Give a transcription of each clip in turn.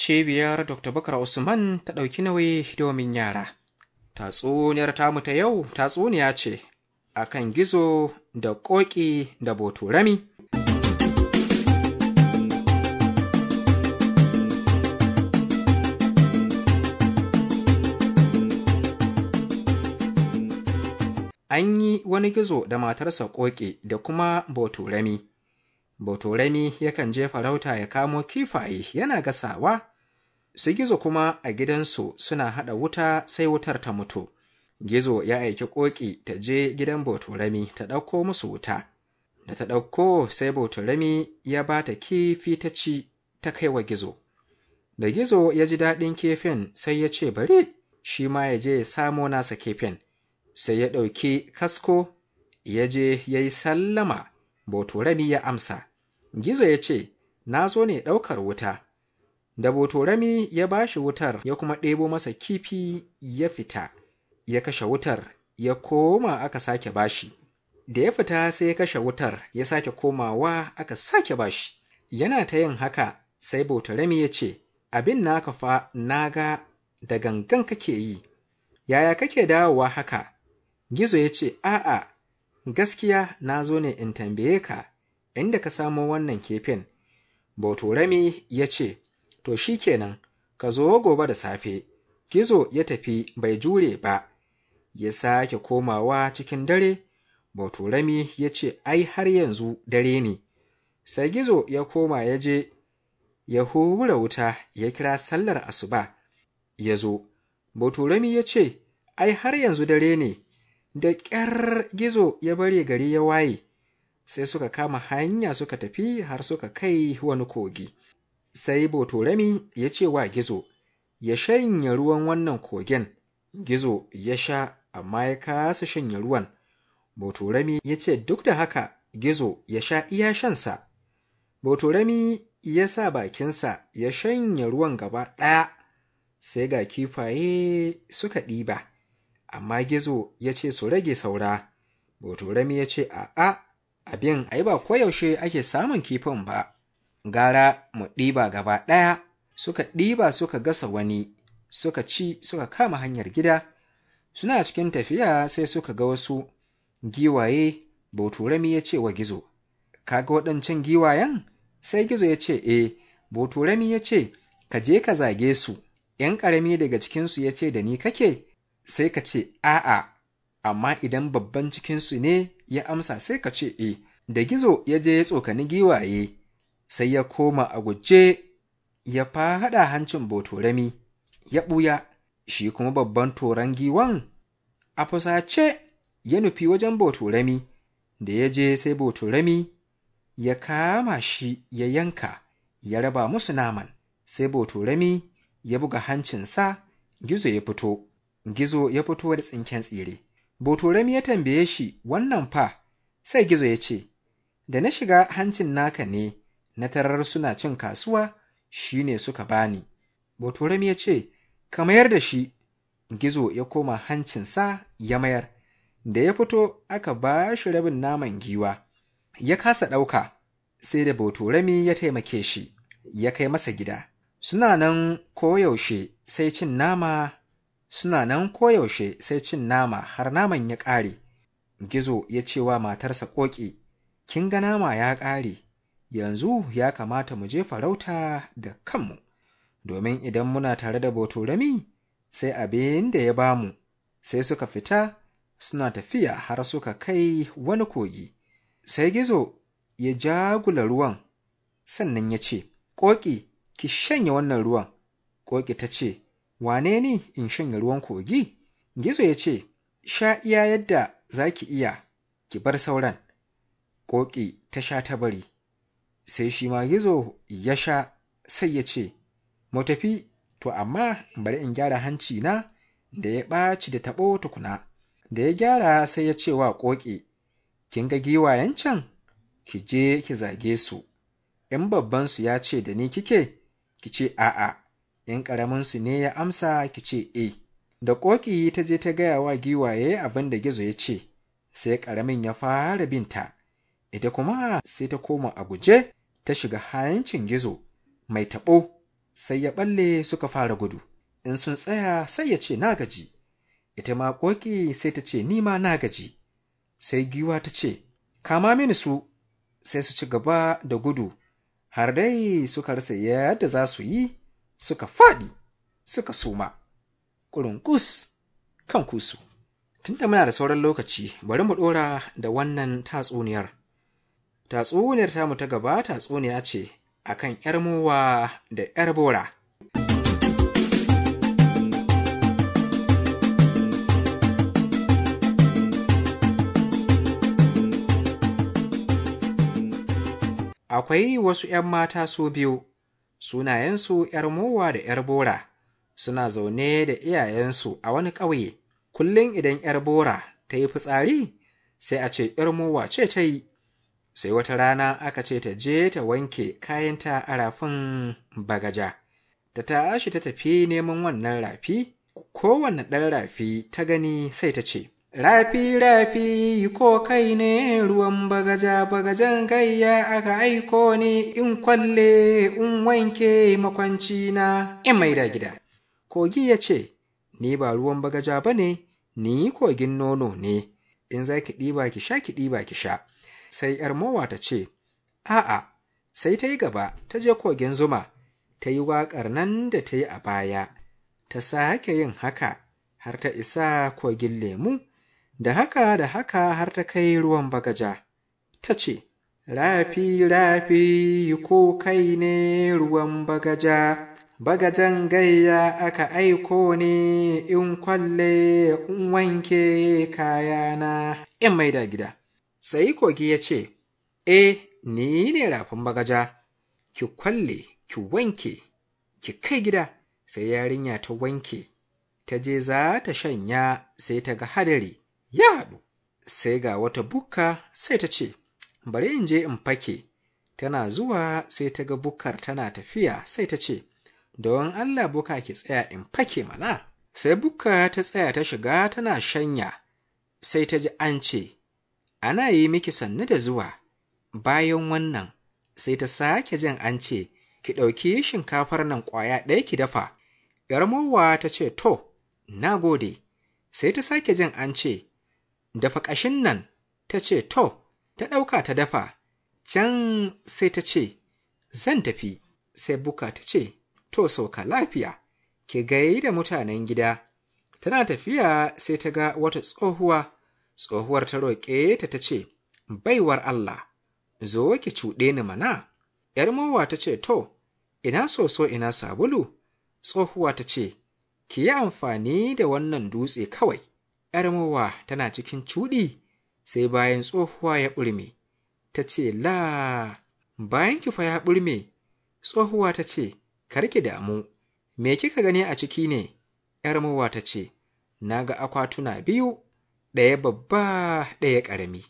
cibiyar dr bakar usman ta ɗauki nauyi domin yara tatsuniyar tamu ta yau tatsuniya ce akan gizo da ƙoƙi da boturami an yi wani gizo da matarsa ƙoƙe da kuma boturami boturami yakan je farauta ya kamo kifaye yana gasawa su gizo kuma a gidansu suna haɗa wuta sai wutar ta mutu gizo ya aiki ƙoƙi ta je gidan botorami ta ɗauko musu wuta da ta ɗauko sai botorami ya ba ta kifi ta ci ta kai wa gizo da gizo ya ji daɗin kifin sai ya ce bari shi ma ya je ya samo nasa kifin sai ya ɗauki kasko ya je ya yi sallama botorami ya amsa gizo ya ce na zo ne ɗaukar wuta da botorami ya ba shi wutar ya kuma ɗebo masa kifi ya fita ya kashe wutar ya koma aka sake bashi da ya fita sai ya kashe wutar ya sake komawa aka sake bashi yana ta yin haka sai botorami ya ce abin naka fa na ga da gangan kake yi yaya kake dawowa haka gizo ya ce a'a gaskiya na zo ne in tambaye ka inda ka samo wannan kefin botorami ya ce to shi kenan, ka zo gobe da safe, gizo ya tafi bai jure ba, ya sake komawa cikin dare, Bauturami ya ce, Ai, har yanzu dare ne, sai gizo ya koma ya je, ya hura wuta ya kira sallar asuba, ya zo, Bauturami ya ce, Ai, har yanzu dare ne, da ƙyar gizo ya bari gari ya waye, sai suka kama hanya suka tafi har suka kai wani kogi. sai botorami ya ce wa gizo ya shanya ruwan wannan kogin, gizo ya sha amma ya kasa shanya ruwan botorami ya ce duk da haka gizo ya sha iya shansa botorami ya sa bakinsa ya shanya ruwan gaba ɗaya sai ga kifaye suka ɗiba amma gizo ya ce su rage saura botorami ya ce a'a abin ai ba koyaushe ake samun kifin ba gara mu ɗiba gaba ɗaya suka ɗiba suka gasa wani suka ci suka kama hanyar gida suna cikin tafiya sai suka ga wasu giwaye boturami ya ce wa gizo kaga waɗancan giwayen sai gizo ya ce e eh. boturami ya ce ka je ka zage su ‘yan ƙarami daga cikinsu ya ce da ni kake sai ka ce a'a amma idan babban cikinsu ne ya amsa sai ka ce e da gizo ya je ya tsokani giwaye sai ya koma a guje ya fahaɗa hancin botorami ya ɓuya shi kuma babban toron giwan a fusace ya nufi wajen botorami da ya je sai botorami ya kama shi ya yanka ya raba musu naman sai botorami ya buga hancinsa gizo ya fito gizo ya fito da tsinken tsire botorami ya tambaye shi wannan fa sai gizo ya ce da na shiga hancin naka ne na tarar suna cin kasuwa shi ne suka bani botorami ya ce ka mayar da shi gizo ya koma hancinsa ya mayar da ya fito aka ba shi rabin naman giwa ya kasa ɗauka sai da botorami ya taimake shi ya kai masa gida suna nan koyaushe sai cin nama suna nan koyaushe sai cin nama har naman ya ƙare gizo ya ce wa matarsa ƙoƙi kin ga nama ya ƙare yanzu ya kamata mu je farauta da kanmu domin idan muna tare da botorami sai abin da ya bamu sai suka fita suna tafiya har suka kai wani kogi sai gizo ya jagula ruwan sannan ya ce ƙoƙi ki shanya wannan ruwan ƙoƙi ta ce wane ni in shanya ruwan kogi gizo ya ce sha iya yadda za ki iya ki bar sauran ƙoƙi ta sha ta bari sai shi ma gizo ya sha sai ya ce mu tafi to amma bari in gyara hanci na da ya ɓaci da taɓo tukuna da ya gyara sai ya ce wa ƙoƙe kin ga giwayen can ki je ki zage su in babbansu ya ce da ni kike ki ce a'a in ƙaraminsu ne ya amsa ki ce e da ƙoƙi ta je ta gaya wa giwaye abin da gizo ya ce sai ƙaramin ya fara binta ita kuma sai ta koma a guje ta shiga hayancin gizo mai taɓo sai ya ɓalle suka fara gudu in sun tsaya sai ya ce na gaji ita ma ƙoƙi sai ta ce ni ma na gaji sai giwa ta ce kama mini su sai su ci gaba da gudu har dai suka rasa yadda za su yi suka faɗi suka suma ƙurunkus kan kusu tunda muna da sauran lokaci bari mu ɗora da wannan tatsuniyar tatsuniyar tamu ta gaba tatsuniya ce a kan mowa da yar bora akwai wasu ‘yan mata su biyu, sunayensu ‘yar mowa da ‘yar bora, suna zaune da iyayensu a wani ƙauye, kullum idan ‘yar bora ta yi fitsari, sai a ce ‘yar mowa ce ta yi, sai wata rana aka ce ta je ta wanke kayanta a rafin bagaja ta tashi ta tafi neman wannan rafi kowanne ɗan rafi ta gani sai ta ce rafi rafi ko kai ne ruwan bagaja bagajan gayya aka aiko ne in kwalle in wanke makwanci na in mai da gida kogi ya ce ni ba ruwan bagaja ba ne ni kogin nono ne in za ki ɗiba ki sha ki ɗiba ki sha sai ‘yar mowa ta ce, A'a, sai ta yi gaba, ta je kogin zuma, ta yi waƙar nan da ta yi a baya, ta sake yin haka har ta isa kogin lemu, da haka da haka har ta kai ruwan bagaja. Ta ce, Rafi, rafi, ko kai ne ruwan bagaja, bagajan gayya aka aiko ne in kwalle in wanke kayana, in maida gida. sai kogi ya ce, E, ni ne rafin bagaja, ki kwalle, ki wanke, ki kai gida, sai yarinya ta wanke, ta je za ta shanya sai ta ga hadari ya haɗu, sai ga wata bukka sai ta ce, Bari in je in fake, tana zuwa sai ta ga bukkar tana tafiya sai ta ce, Don Allah buka ki tsaya in fake mana, sai bukka ta tsaya ta shiga tana shanya, sai ta ji an ce, ana yi miki sannu da zuwa bayan wannan sai ta sake jin an ce ki ɗauki shinkafar nan ƙwaya ɗaya ki dafa yarmowa ta ce to na gode sai ta sake jin an ce dafa ƙashin nan ta ce to ta ɗauka ta dafa can sai ta ce zan tafi sai buka ta ce to sauka lafiya ki gai da mutanen gida tana tafiya sai ta ga wata tsohuwa tsohuwar ta roƙe ta ta ce baiwar Allah zo ki cuɗe ni mana ‘yar mowa ta ce to ina soso ina sabulu tsohuwa ta ce ki yi amfani da wannan dutse kawai ‘yar mowa tana cikin cuɗi sai bayan tsohuwa ya ɓurme ta ce la bayan kifa ya ɓurme tsohuwa ta ce karki damu me kika gani a ciki ne ‘yar mowa ta ce na ga akwatuna biyu ɗaya babba ɗaya ƙarami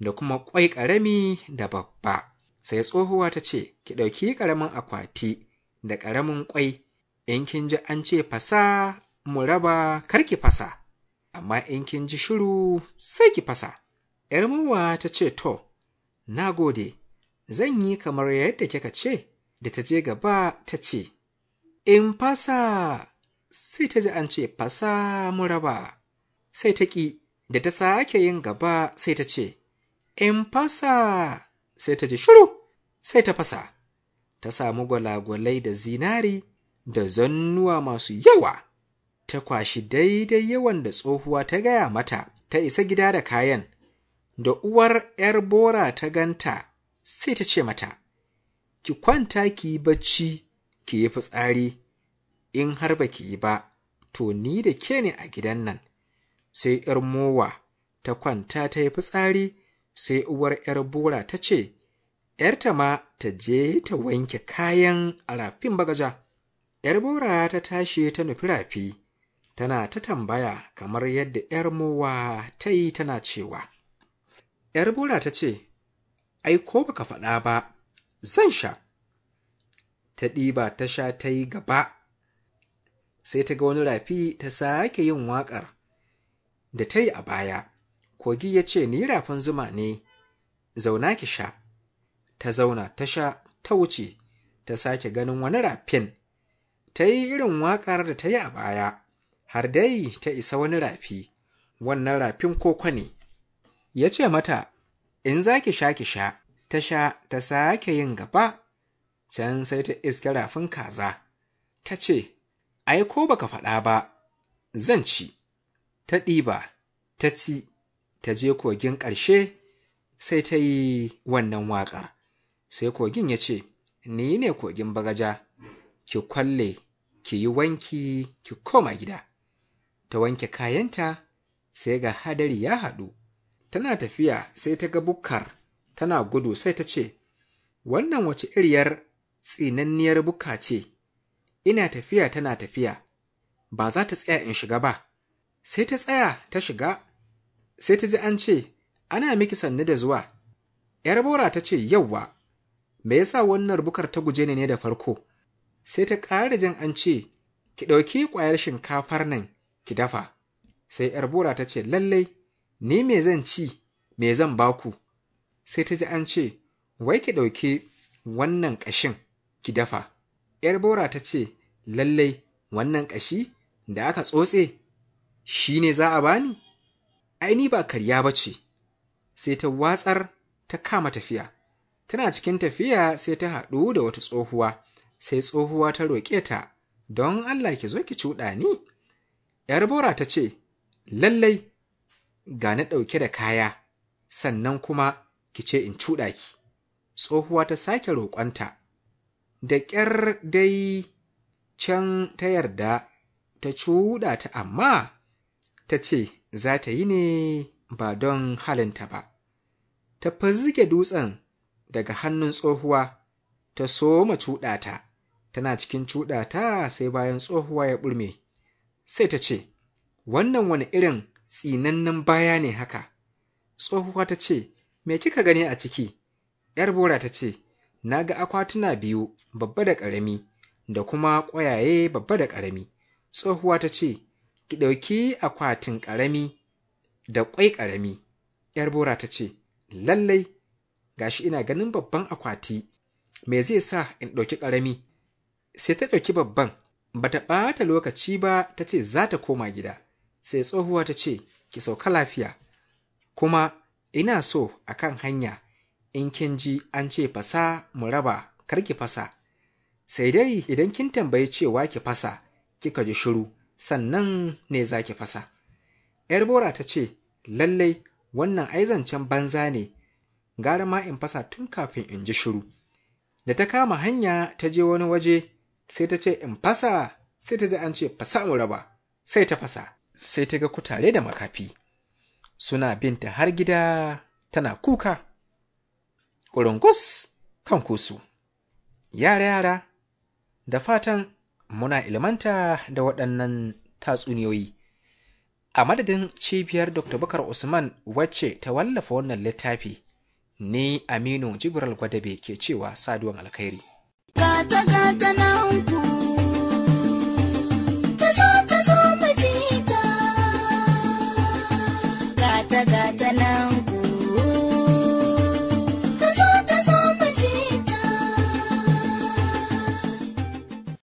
da kuma ƙwai ƙarami da babba sai tsohuwa ta ce ki ɗauki ƙaramin akwati da ƙaramin ƙwai in kin ji an ce fasa mu raba kar ki fasa amma in kin ji shiru sai ki fasa ‘yar murwa ta ce to na gode zan yi kamar yadda kika ce da ta je gaba ta ce in fasa sai ta ji an ce fasa mu raba sai ta ƙi da ta sake yin gaba sai ta ce in fasa sai ta ji shiru sai ta fasa ta samu gwalagwalai da zinari da zannuwa masu yawa ta kwashi daidai yawan da tsohuwa ta gaya mata ta isa gida da kayan da uwar ‘yar bora ta ganta sai ta ce mata, Ki kwanta ki bacci, ki yi fitsari, in har ba ki yi ba, to ni da ke ne a gidan nan, sai ‘yar mowa ta kwanta ta yi fitsari, sai uwar ‘yar bora ta ce, ‘yarta ma ta je ta wanke kayan a rafin bagaja. ‘Yar bora ta tashi ta nufi rafi, tana ta tambaya kamar yadda ‘yar mowa ta yi tana cewa. ‘Yar bora ta ce, Ai, ko baka faɗa ba, zan sha. Ta ɗiba ta sha ta yi gaba, sai ta ga wani rafi ta sake yin waƙar. da ta yi a baya kogi ya ce ni rafin zuma ne zauna ki sha ta zauna ta sha ta wuce ta sake ganin wani rafin ta yi irin waƙar da ta yi a baya har dai ta isa wani rafi wannan rafin koko ne ya ce mata in za ki sha ki sha ta sha ta sake yin gaba can sai ta iska rafin kaza ta ce ai ko baka faɗa ba zan ci ta ɗiba ta ci ta je kogin ƙarshe sai ta yi wannan waƙar sai kogin ya ce ni ne kogin bagaja ki kwalle ki yi wanki ki koma gida ta wanke kayanta sai ga hadari ya haɗu tana tafiya sai ta ga bukkar tana gudu sai ta ce wannan wace iriyar tsinanniyar buka ce ina tafiya tana tafiya ba za ta tsaya in shiga ba sai ta tsaya ta shiga sai ta ji an ce ana miki sannu da zuwa yar bora ta ce yauwa me yasa wannan bukar ta guje ne da farko sai ta ƙara jin an ce ki ɗauki ƙwayar shinkafar nan ki dafa sai yar bora ta ce lallai ni me zan ci me zan baku sai ta ji an ce wai ki ɗauki wannan ƙashin ki dafa yar bora ta ce lallai wannan ƙashi da aka tsotse shi ne za a bani? Aini ba karya ba ce, sai ta watsar ta kama tafiya. Tana cikin tafiya sai ta haɗu da wata tsohuwa, sai tsohuwa ta roƙe ta, don Allah ki zo ki cuɗa ni. ‘Yar bora ta ce, lallai, ga na ɗauke da kaya, sannan kuma ki ce in cuɗa ki. Tsohuwa ta sake roƙonta, da ƙyar dai can ta yarda ta cuɗa ta amma. ta ce za ta yi ne ba don halinta ba. Ta fizige dutsen daga hannun tsohuwa ta soma cuɗata, tana cikin cuɗata sai bayan tsohuwa ya ɓurme. Sai ta ce, Wannan wani irin tsinannen baya ne haka. Tsohuwa ta ce, Me kika gani a ciki? ‘Yar bora ta ce, Na ga akwatuna biyu, babba da ƙarami, da kuma ƙwayaye babba da ƙarami. Tsohuwa ta ce, ki ɗauki akwatin ƙarami da ƙwai ƙarami ‘yar bora ta ce lallai gashi ina ganin babban akwati me zai sa in ɗauki ƙarami sai ta ɗauki babban Ba bata ɓata lokaci ba ta ce za ta koma gida sai tsohuwa ta ce ki sauka lafiya kuma ina so a kan hanya in kin ji an ce fasa mu raba kar ki fasa sai dai idan kin tambayi cewa ki fasa kika ji shiru sannan ne za ki fasa yar bora ta ce lallai wannan aizancen banza ne gara ma in fasa tun kafin in ji shiru da ta kama hanya ta je wani waje sai ta ce in fasa sai ta ji an ce fasa in raba sai ta fasa sai ta ga kutare da makafi suna binta har gida tana kuka ƙurungus kan kusu yara yara da fatan muna ilmanta da waɗannan tatsuniyoyi a madadin cibiyar dr bakar usman wacce ta wallafa wannan littafi ne aminu jibril gwadabe ke cewa saduwan alkhairi gata gata